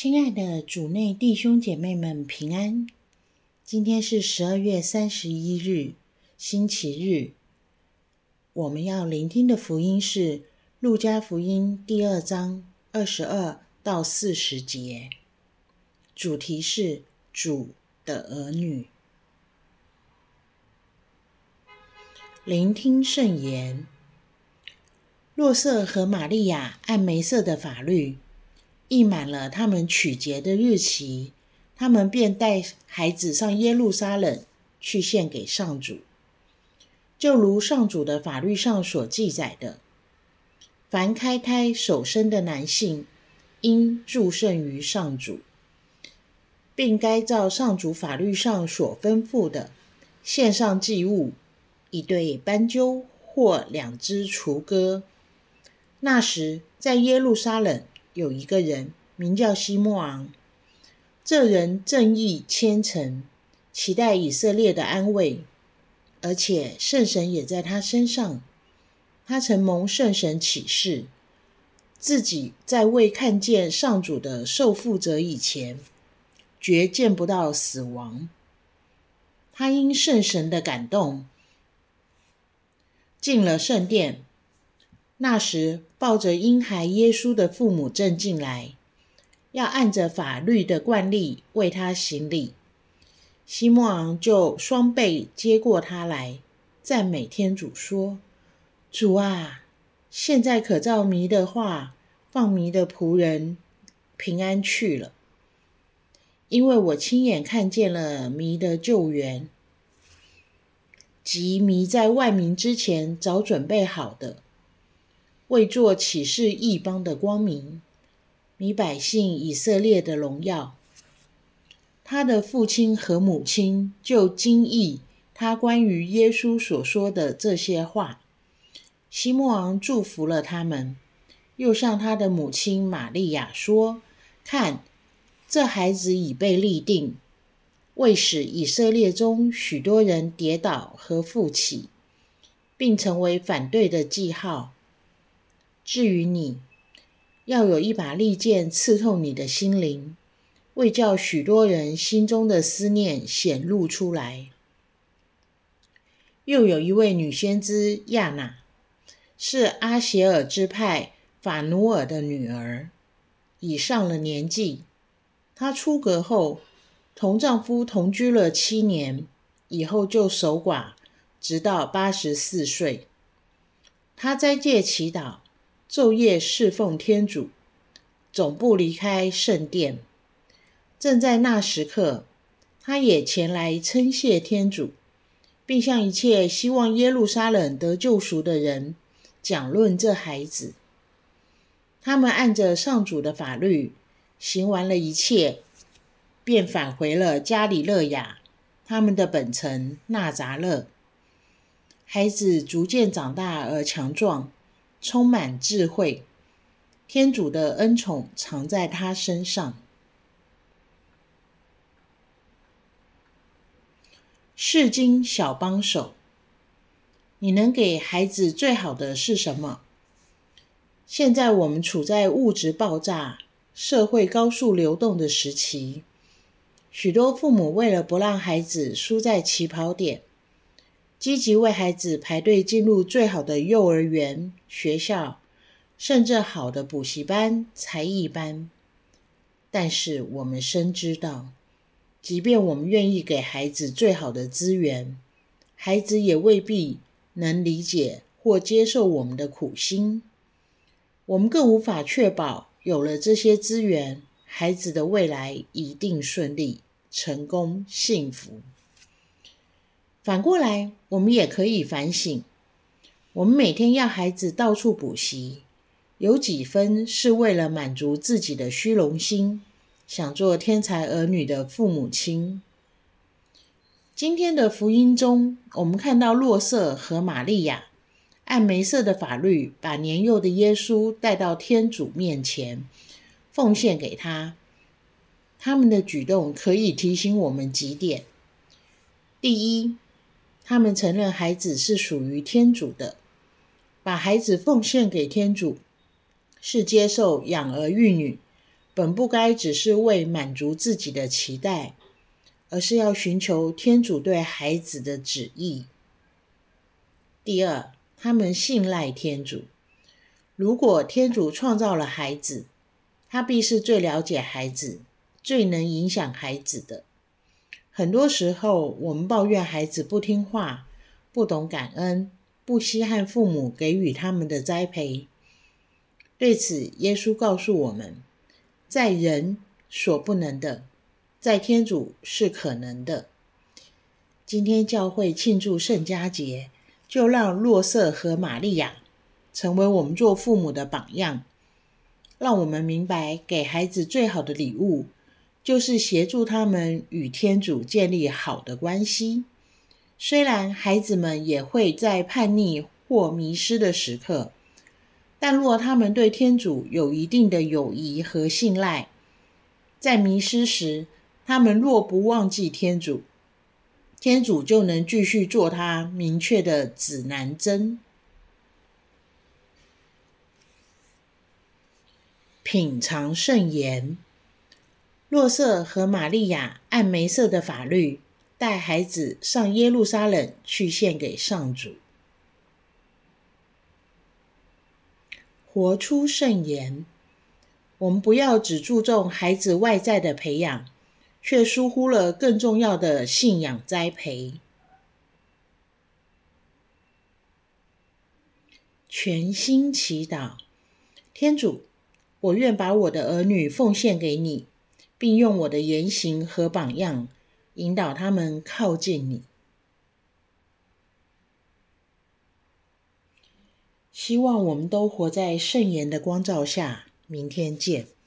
親愛的主內弟兄姐妹們，平安！今天是十二月三十一日，星期日。我們要聆聽的福音是《路加福音》第二章二十二到四十節，主題是“主的兒女”。聆聽聖言，若瑟和瑪利亞按梅瑟的法律。一滿了他們取潔的日期，他們便帶孩子上耶路撒冷去獻給上主。就如上主的法律上所記載的，凡開胎首生的男性，應祝聖於上主，並該照上主法律上所吩咐的獻上祭物，一對斑鳩或兩只雛鴿。那時在耶路撒冷。有一個人，名叫西默盎，這人正義虔誠，期待以色列的安慰，而且聖神也在他身上。他曾蒙聖神啟示，自己在未看見上主的受傅者以前，決見不到死亡。他因聖神的感動，進了聖殿。那時，抱着嬰孩耶穌的父母正進來，要按着法律的慣例為他行禮。西默盎就雙臂接過他來，讚美天主說：“主啊，現在可照禰的話，放禰的僕人平安去了，因為我親眼看見了禰的救援，即禰在萬民之前早準備好的。”為作啟示異邦的光明，禰百姓以色列的榮耀，他的父親和母親就驚異他關於耶穌所說的這些話。西默盎祝福了他們，又向他的母親瑪利亞說：“看，這孩子已被立定，為使以色列中許多人跌倒和復起，並成為反對的記號。”至於你，要有一把利劍刺透你的心靈，為叫許多人心中的思念顯露出來。又有一位女先知亞納，是阿協爾支派法努爾的女兒，已上了年紀。她出閣後，同丈夫同居了七年，以後就守寡，直到八十四歲。她齋戒祈禱。晝夜事奉天主，總不離開聖殿。正在那時刻，她也前來稱謝天主，並向一切希望耶路撒冷得救贖的人，講論這孩子。他們按着上主的法律，行完了一切，便返回了加里肋亞，他們的本城納匝肋。孩子逐漸長大而強壯，充滿智慧，天主的恩寵常在他身上。釋經小幫手，你能給孩子最好的是什麼？現在我們處在物質爆炸、社會高速流動的時期，許多父母為了不讓孩子輸在起跑點。積極為孩子排隊進入最好的幼兒園、學校，甚至好的補習班、才藝班。但是，我們深知道，即便我們願意給孩子最好的資源，孩子也未必能理解或接受我們的苦心。我們更無法確保，有了這些資源，孩子的未來一定順利、成功、幸福。反過來，我們也可以反省：我們每天要孩子到處補習，有幾分是為了滿足自己的虛榮心，想做天才兒女的父母親？今天的福音中，我們看到若瑟和瑪利亞按梅瑟的法律，把年幼的耶穌帶到天主面前，奉獻給他。他們的舉動可以提醒我們幾點：第一，他們承認孩子是屬於天主的，把孩子奉獻給天主是接受養兒育女，本不該只是為滿足自己的期待，而是要尋求天主對孩子的旨意。第二，他們信賴天主，如果天主創造了孩子，他必是最了解孩子、最能影響孩子的。很多時候，我們抱怨孩子不聽話、不懂感恩、不稀罕父母給予他們的栽培。對此，耶穌告訴我們：“在人所不能的，在天主是可能的。”今天教會慶祝聖家節，就讓若瑟和瑪利亞成為我們做父母的榜樣，讓我們明白給孩子最好的禮物。就是協助他們與天主建立好的關係。雖然孩子們也會在叛逆或迷失的時刻，但若他們對天主有一定的友誼和信賴，在迷失時，他們若不忘記天主，天主就能繼續做他明確的指南針。品嚐聖言。若瑟和瑪利亞按梅瑟的法律，帶孩子上耶路撒冷去獻給上主。活出聖言，我們不要只注重孩子外在的培養，卻疏忽了更重要的信仰栽培。全心祈禱，天主，我願把我的兒女奉獻給你。並用我的言行和榜樣，引導他們靠近你。希望我們都活在聖言的光照下，明天見。